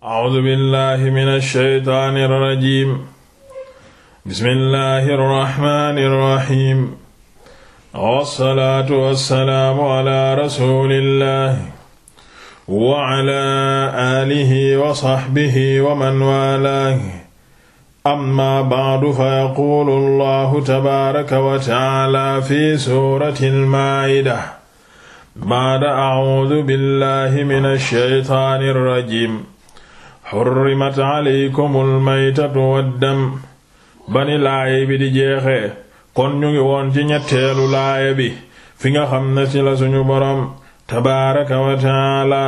A'uuzu billaahi mina shaytaani rajiim. Bismillaahi rahmaani rahiim. Wassalaatu wassalaamu alaa rasuulillaahi. Wa alaa aalihi wa sahbihi wa man waalaahi. Ammaa ba'du fa yaquulu Allaahu tabaaraka wa ta'aalaa fi suuratil Maa'ida. Ba'da a'uuzu billaahi mina shaytaani rajiim. xurrimat aleykumul maytatu waddam bani laaya bi di jeexee kon ñu ngi woon ci ñetteelu laaya bi fi nga xam ne ci la suñu borom tabaaraka wa taala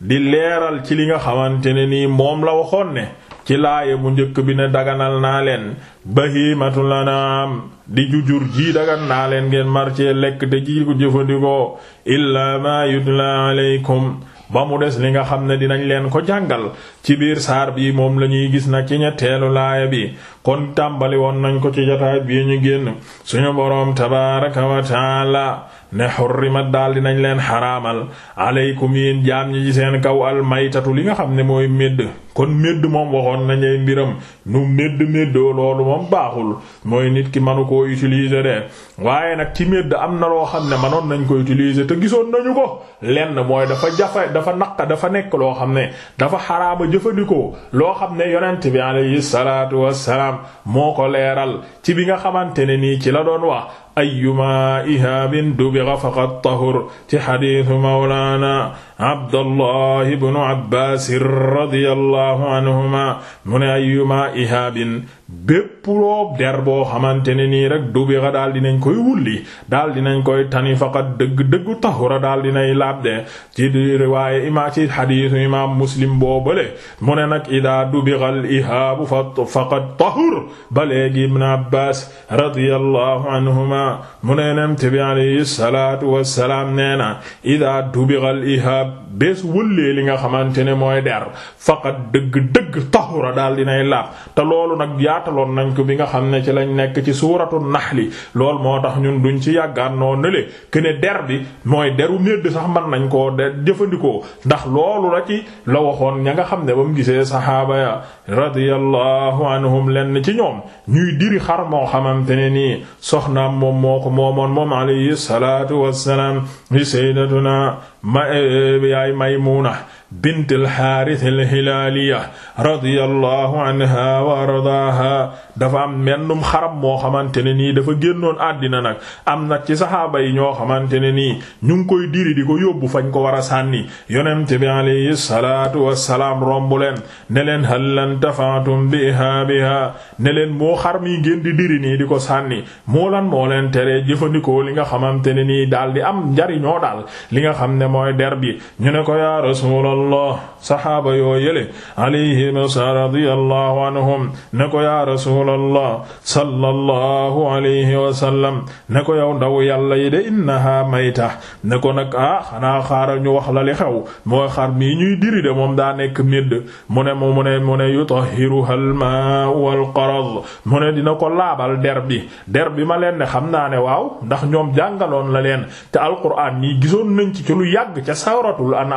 di leeral ci li nga xamante ne nii moom la waxoon ne ci laaya bu njëkk bi ne daganal naa leen ba bahiimatul anaam di jujur ji dagan naa leen ngeen marce lekk te ji jëfandikoo illaa maa yutlaa aleykum ba mu des li nga xam ne dinañ leen ko jàngal ci biir saar bi moom la ñuy gis na ci ñetteelu laaya bi kon tàmbali woon nañ ko ci jotaay bi ñu génn suñu boroom tabaaraka wa taala ne xurrimat daal dinañ leen xaraamal aleykum yéen jaam ñi ci seen kaw almaytatu li nga xam ne mooy médd kon médd moom waxoon nañuy mbiram nu médd méddoo loolu moom baaxul mooy nit ki manu koo utiliser de waaye nag ci médd am na loo xam ne manoon nañ ko utiliser te gisoon nañu ko lenn mooy dafa jafe dafa naq dafa nekk loo xam ne dafa xaraama jëfandikoo loo xam ne yonent bi alayhi salaatu wassalaam moo ko leeral ci bi nga xamante ne nii ci la doon wax ayyuma ihaabin dubigha faqad tahur ci xadiisu mawlaana abdallahi ibnu abbaas radiyallahu anhuma mu ne ayyuma ihaabin bépp der boo xamante ne nii rek dubira daal dinañ koy wulli daal di dinañ koy tani faqat dëgg dëggu tahura daal di dinay laab de ci riwaaye ma ci xadiisu imaam muslim boo mu ne nag ida dubiral ihaabu fa faqat tahur ba léegi ibn abbas radiyallahu anhuma mu ne nemt bi alayhi salaatu nee na ida dubiral ihaab bés wullee li nga xamante ne mooy der faqat dëgg dëgg tahura daal dinay laab te loolu nag yaataloon nañ ko bi nga xam ne ci lañ nekk ci suuratu naxli lool moo tax ñun duñ ci yàggaan noo nële këne der bi mooy deru médd sax man nañ koo de jëfandikoo ndax loolu la ci la waxoon ña nga xam ne ba mu gisee saxaaba ya radiyallahu anhum lenn ci ñoom ñuy diri xar moo xamante ne nii soxnaam moom moo ko moomoon moom alayhi salaatu wassalaam li sayyidatuna ma eh, yaay Maymuna bint alxaaris alxilaaliya radiyallahu anha wa ardaaha dafa am mennum xaram moo xamante ne nii dafa génnoon àddina nag am nag ci saxaaba yi ñoo xamante ne nii ñun ngi koy diri di ko yóbbu fañ ko war a sànni yonent bi alayhi salaatu wassalaam romb leen ne leen hal lan tafaatum bi ihaabiha ne leen moo xar mi gén di diri nii di ko sànni moo lan moo leen tere jëfandikoo li nga xamante ne nii daal di am njariñoo daal li nga xam ne mooy der bi ñu ne ko ya rasulullah allah saxaaba yoo yële alayhim sa radiyallahu anhum ne ko yaa rasuulallah sallallahu alayhi wa sallam ne ko yow ndaw yàlla yi de innaha mayta ne ko nag ah xanaa xaaral ñu wax la li xew mooy xar mii ñuy diri de moom daa nekk midd mu ne mu ne mu ne yutahiruha al-maa wal qarad ne dina ko laabal der bi der bi ma leen ne xam naa ne waaw ndax ñoom jàngaloon la leen te alquraan nii gisoon nañ ci lu yàgg ca sawratul an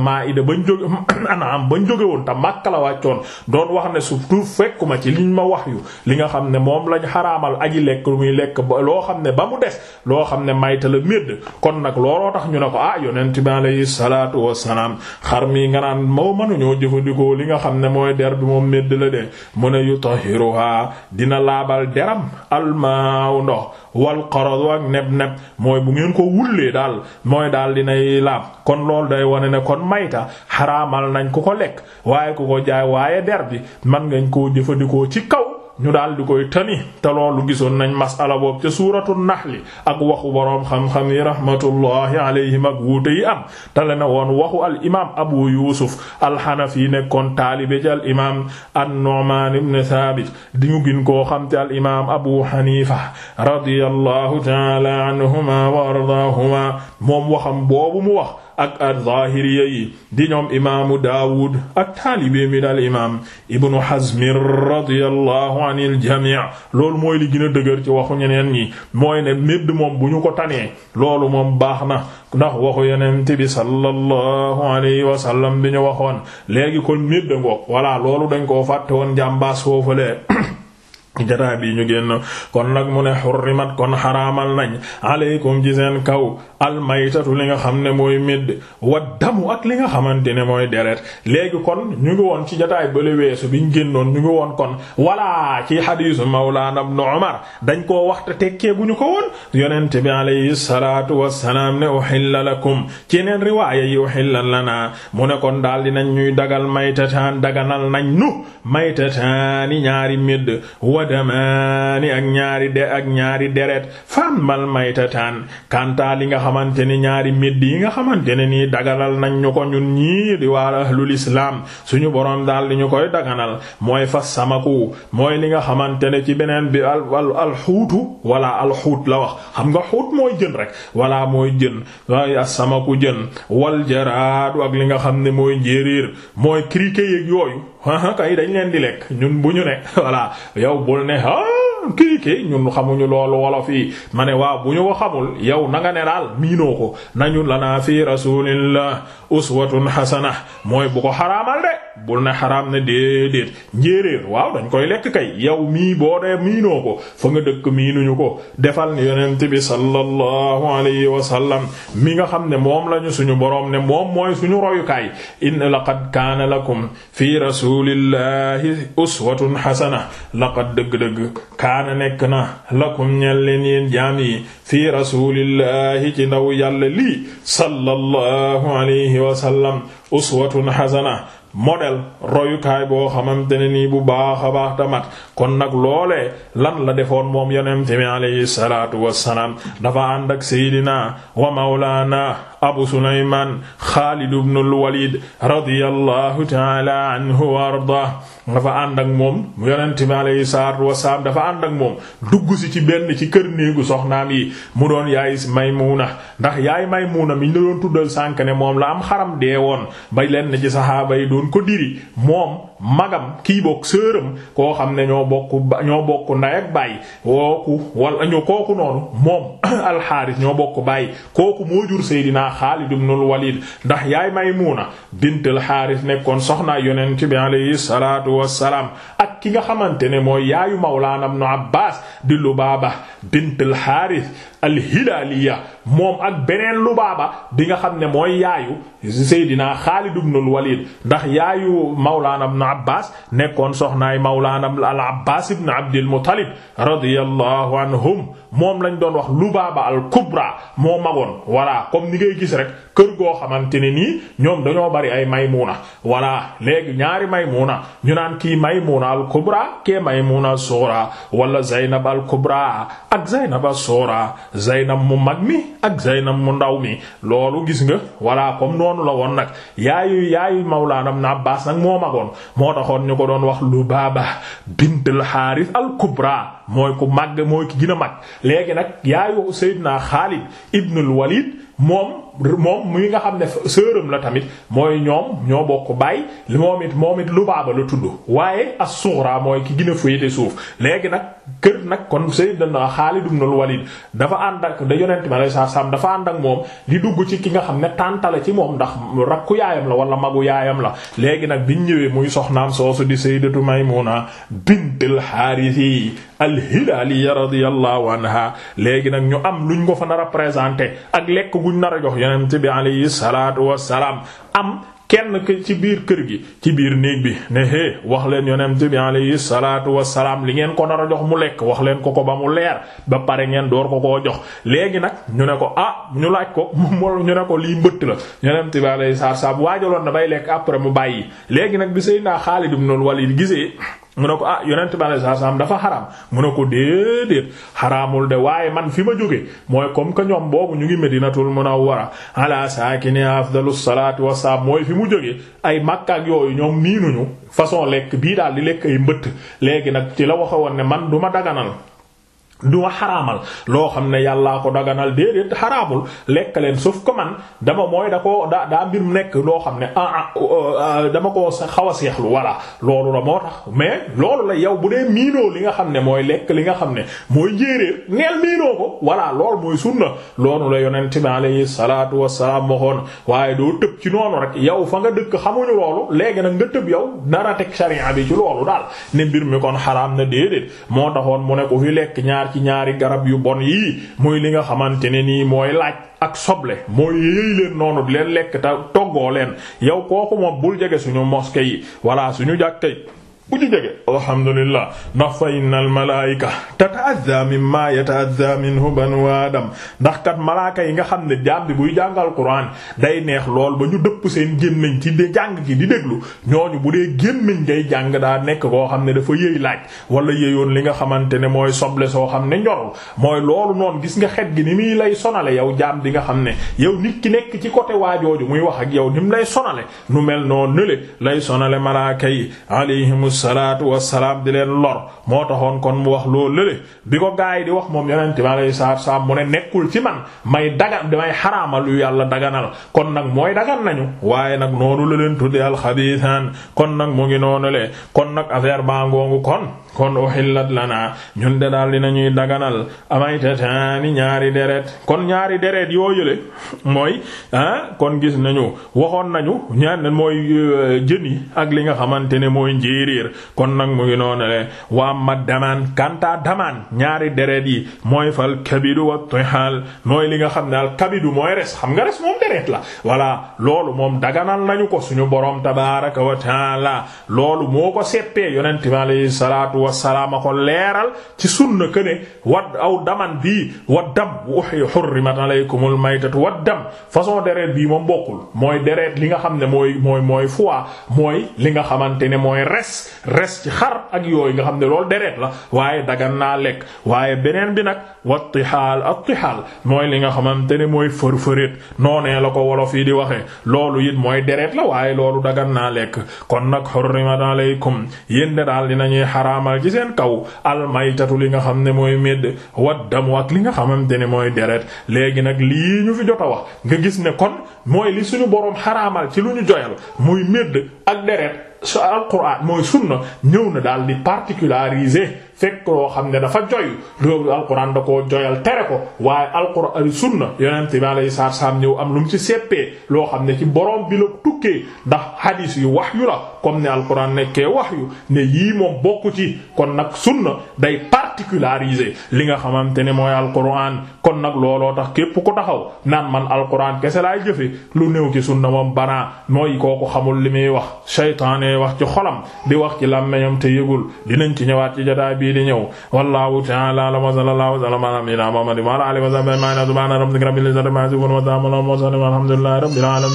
maa'ida bañ jóg anam bañ jóge woon te Makka la wàccoon doon wax ne surtout fekkuma ci li liñ ma wax yu li nga xam ne moom lañ xaraamal aji lekk lu muy lekk ba loo xam ne ba mu des loo xam ne mayta la médd kon nag looloo tax ñu ne ko ah yonent bi alayhi salaatu wassalaam xar mi nga naan moo mënuñoo jëfandikoo li nga xam ne mooy der bi moom médd la de mu ne yutahiruha dina laabal deram almaaw ndox wal qarad ak neb-neb mooy bu ngeen ko wullee daal mooy daal dinay laab kon loolu day wone ne kon mayta xaraam xaramal nañ ko ko lekk waaye ku ko jaay waaye der bi man ngañ koo jëfandikoo ci kaw ñu daal di koy tani te loolu gisoon nañ masala boobu ca suuratu naxli ak waxu boroom xam-xam yi rahmatullahi alayhim ak wuute yi am tale na woon waxu al imaam abu yusuf alxanafi nekkoon taalibe ci al imaam an-nu'man ibn thabit di ñu gën koo xam te al imaam abu hanifa radiyallahu taala anhuma wa ardaahuma moom waxam boobu mu wax ak az-Zahiriyya yi di ñoom imaamu Daawud ak taalibe mi dal imaam Ibnu Hazm radiyallahu anil jamii loolu mooy li gën a dëgër ci waxu ñeneen ñi mooy ne médd moom bu ñu ko tanee loolu moom baax na ndax waxu yeneen bi sallallahu alayhi wa sallam bi ñu waxoon léegi kon médd ngoog voilà loolu dañ koo fàtte woon jàmbaas foofu le jataay bii ñu génn kon nag mu ne mat kon xaraamal nañ aleykum ci seen kaw almaytatu li nga xam ne mooy médd wa damu ak li nga xamante ne mooy deret léegi kon ñu ngi woon ci jataay bële weesu bi ñu génnoon ñu ngi woon kon walla ci xadiisu mawlaana ibnu umar dañ koo waxta tekkee bu ñu ko woon yonent bi alayhi salaatu wassalaam ne uhilla lakum ci yeneen riwaaya yi uhilla lana mu ne kon daal dinañ ñuy dagal maytataan daganal nañ nu maytataani ñaari wa damaani ak ñaari de ak ñaari deret fammal maytataan kantaa li nga xamante ni ñaari médd yi nga xamante ne nii dagalal nañ ñu ko ñun ñii di waa ahlul islaam suñu boroom daal di ñu koy daganal mooy fas samaku mooy li nga xamante ne ci beneen bi al al alxuutu wala alxuut la wax xam nga xuut mooy jën rek wala mooy jën waaye asamaku jën wal jaraadu ak li nga xam ne mooy njéeréer mooy criquet yeeg yooyu kay dañ leen di lekk ñun bu ñu ne voilà yow bul ne kii kii ñun xamuñu lool wolo fii ma ne waaw bu ñu ko xamul yow na nga ne daal miinoo ko nañu lanaa fi rasulillah uswatun hasana mooy bu ko xaraamal de bul ne xaraam ne déedéet njéeréer waaw dañ koy lekk kay yow mii boo dee miinoo ko fa nga dëkk miinuñu ko defal ni yonent bi sallallahu alayhi wa mi nga xam ne moom lañu suñu boroom ne moom mooy suñu royukaay inna laqad kaana lakum fi rasulillahi uswatun hasana laqad dëgg-dëgg kaana nekk na lakum ñel leen yeen jaam yi fi rasulillahi ci ndaw yàlla lii sallallahu alayhi wa sallam hasana modèle royukaay boo xamante ne nii bu baax a baax tamat kon nag loole lan la defoon moom yonent bi alayhi salaatu wassalaam dafa ànd ak seydinaa wa mawlaana abu sulayman xaalid ibn al-walid radiyallahu ta'ala anhu wa arda dafa ànd ak moom yonente bi alayhi salaatu wasalaam dafa ànd ak moom dugg si ci benn ci kër néegu soxnaam yi mu doon yaay maymuna ndax yaay maymuna mi ñu la doon tuddal sànk ne moom la am xaram dee woon ba lenn ci saxaaba yi doon ko diri moom magam kii bokk sëram koo xam ne ñoo bokk ñoo bokk ndey ak baay wooku wala kooku noonu moom alxaaris ñoo bokk baay kooku moo jur seydinaa Xaalid ibnul Waliid ndax yaay Maymuuna bint xaaris nekkoon soxnaa yonent bi alayhi salaatu wassalaam ak ki nga xamante ne mooy yaayu mawlaana ibnu Abbaas di Lubaaba bint alxaaris alhilaaliya moom ak beneen Lubaaba di nga xam ne mooy yaayu Seydina Xaalid ibnul Walid ndax yaayu Mawlaana ibn Abbaas nekkoon soxnaay Mawlaana al Abbaas ibn Abdil Muttalib radiyallahu anhum moom lañ doon wax Lubaaba al Kubra moo magoon voilà comme ni ngay gis rek kër goo xamante ne nii ñoom dañoo bari ay Maymuna voilà léegi ñaari Maymuna ñu naan kii Maymuna al Kubra kee Maymuna Suura wala Zaynab al Kubra ak Zaynab as Suura Zaynab mu mag mi ak Zaynab mu ndaw mi loolu gis nga voilà comme noonu la woon nag yaayu yaayu Mawlaana Ibn Abbaas nag moo magoon moo taxoon ñu ko doon wax lu bint al Haaris al mooy ku màgg mooy ki gën a màgg léegi nag yaayu Seydina Xaalid ibnul Walid moom moom muy nga xam ne sërëm la tamit mooy ñoom ñoo bokk baay moom it moom it Lubaaba la tudd waaye as-sughra mooy ki gën a féete suuf léegi nag kër nag kon sayyidina Xaalid ibn Walid dafa ànd ak da yonent ma lay sa sam dafa ànd moom di dugg ci ki nga xam ne tànta ci moom ndax rakku yaayam la wala magu yaayam la léegi nag biñ ñëwee muy soxnaam soosu di sayyidatu Maymuna bintul Haarisi al-Hilaaliya radiyallahu anha léegi nag ñu am luñ ko fa nar a présenté ak lekk guñ nar a jox yonent bi alayhi salaatu wassalaam am kenn ci biir kër gi ci biir néeg bi ne hé wax leen yonent bi alayhi salaatu wassalaam li ngeen ko nar a jox mu lekk wax leen ko ko ba mu leer ba pare ngeen door ko koo jox léegi nag ñu ne ko ah ñu laaj ko mu ñu ne ko lii mbëtt la yonent bi alayhi salaatu wassalaam waajaloon na bay lekk après mu bàyyi léegi nag bi Seydina Xaalid ibn Walid gisee mun ne ko ah yonent bi alayhi salaam dafa xaram mu ne ko déedéet xaraamul de waaye man fi ma jóge mooy comme que ñoom boobu ñu ngi Medinatul Munawwara ala saakini afdalus salaatu wassalaam mooy fi mu jóge ay Makka yooyu ñoom miinuñu façon lekk bii daal di lekk ay mbëtt léegi nag ci la waxe woon ne man du ma daganal duma xaraamal loo xam ne yàllaa ko daganal déedéet xaraamul lekk leen sauf que man dama mooy da koo da daa mbir mu nekk loo xam ne ah ah euh, euh, dama ko xaw a seexlu voilà loolu la moo tax mais loolu la yow bu dee miinoo li nga xam ne mooy lekk li nga xam ne mooy njéeréer neel miinoo ko voilà loolu mooy sunna loolu la yonent bi alayhi salaatu wassalaam waxoon waaye doo tëb ci noonu rek yow fa nga dëkk xamuñu loolu léegi nag nga tëb yow dara teg sharia bi ci loolu daal ne mbir mi kon xaraam na déedéet moo taxoon mu ne ko fi lekk ñaar ci ñaari garab yu bon yii muy li nga xamante ne nii mooy laaj ak soble mooy yéey leen noonu leen lekk toggoo leen yow kooku moom bul jege suñu mosquée yi walla suñu jàkka bu ci jege alhamdulillah ndax fa innal malaayika tata'adha mimma yata'adha minhu banu aadam ndax kat malaaka yi nga xam ne jaam bi buy jàngal quran day neex lool ba ñu dëpp seen gémmiñ ci di jàng gi di déglu ñooñu bu dee gémmiñ ngay jàng daa nekk koo xam ne dafa yëy laaj wala yëyoon li nga xamante ne mooy soble soo xam ne njorul mooy loolu noon gis nga xet gi ni muy lay sonale yow jaam di nga xam ne yow nit ki nekk ci côté waajooju muy wax ak yow ni mu lay salaatu wassalaam di leen lor moo taxoon kon mu wax loo lële bi ko gaa yi di wax mo yonent bi alayhi salaatu wassalaam mu ne nekkul fi man may dagan damay xaraamal yu yàlla daganal kon nag mooy dagan nañu waaye nag noonu la leen tudde alxabiisaan kon nag mu ngi noonu le kon nag affaire baa ngoongu kon kon uhillat lana ñun de daal dinañuy daganal amaytataani ñaari deret kon ñaari dereet yoo yële mooy ah kon gis nañu waxoon nañu ñaan mooy euh, jën yi ak li nga xamante ne mooy kon nag mu ngi le waa ma damaan kanta damaan ñaari deret yi mooy fal kabidu wa tihal mooy li nga xam ne al kabidu mooy res xam nga res moom deret la voilà loolu moom daganal nañu ko suñu borom tabaraka wa loolu moo ko seppee yonent bi alayhi salaatu wassalaam a ko leeral ci sunna këne wat aw daman bii wa dam hurrimat alaykumul maytatu wa dam façon deret bii moom bokkul mooy deret li nga xam ne mooy mooy mooy mooy li nga res ci xar ak yooyu nga xam ne loolu deret la waaye dagan naa lekk waaye beneen bi nag ak attixaal mooy li nga xamante ne mooy fërfëreet noonee la ko wolof yi di waxee loolu it mooy deret la waaye loolu dagan naa lekk kon nag ma hurrimat alaykum yéen de daal ñuy xaraamal ci seen kaw almaytatu li nga xam ne mooy médd waddamu ak li nga xamante ne mooy deret léegi nag lii ñu fi jot a wax nga gis ne kon mooy li suñu boroom xaraamal ci lu alquran mooy sunna ñëw na daal di particulariser fekk loo xam ne dafa joy loolu alquran da koo joyal tere ko waaye alquran sunna yonente bi alayhi salaatu salaam ñëw am lu mu ci seppee loo xam ne ci boroom bi la tukkee ndax hadis yu wax yu la comme ne alquran nekkee wax ne yii moom bokk ci kon nag sunna day particularisé li nga xamante ne mooy alquran kon nag looloo tax képp ko taxaw naan man alquran kese laay jëfe lu néew ci sunna moom banaa mooy kooku xamul li muy wax saytaane wax ci xolam di wax ci làmmeñam ci ñëwaat bii di ñëw wallahu ta'ala a'lam wa sallallahu alayhi wa sallam ala nabiyyina muhammadin wa ala alihi wa sahbihi ajma'in subhana rabbika rabbil izzati amma yasifun wa salamun ala al mursalin walhamdulillahi rabbil alamin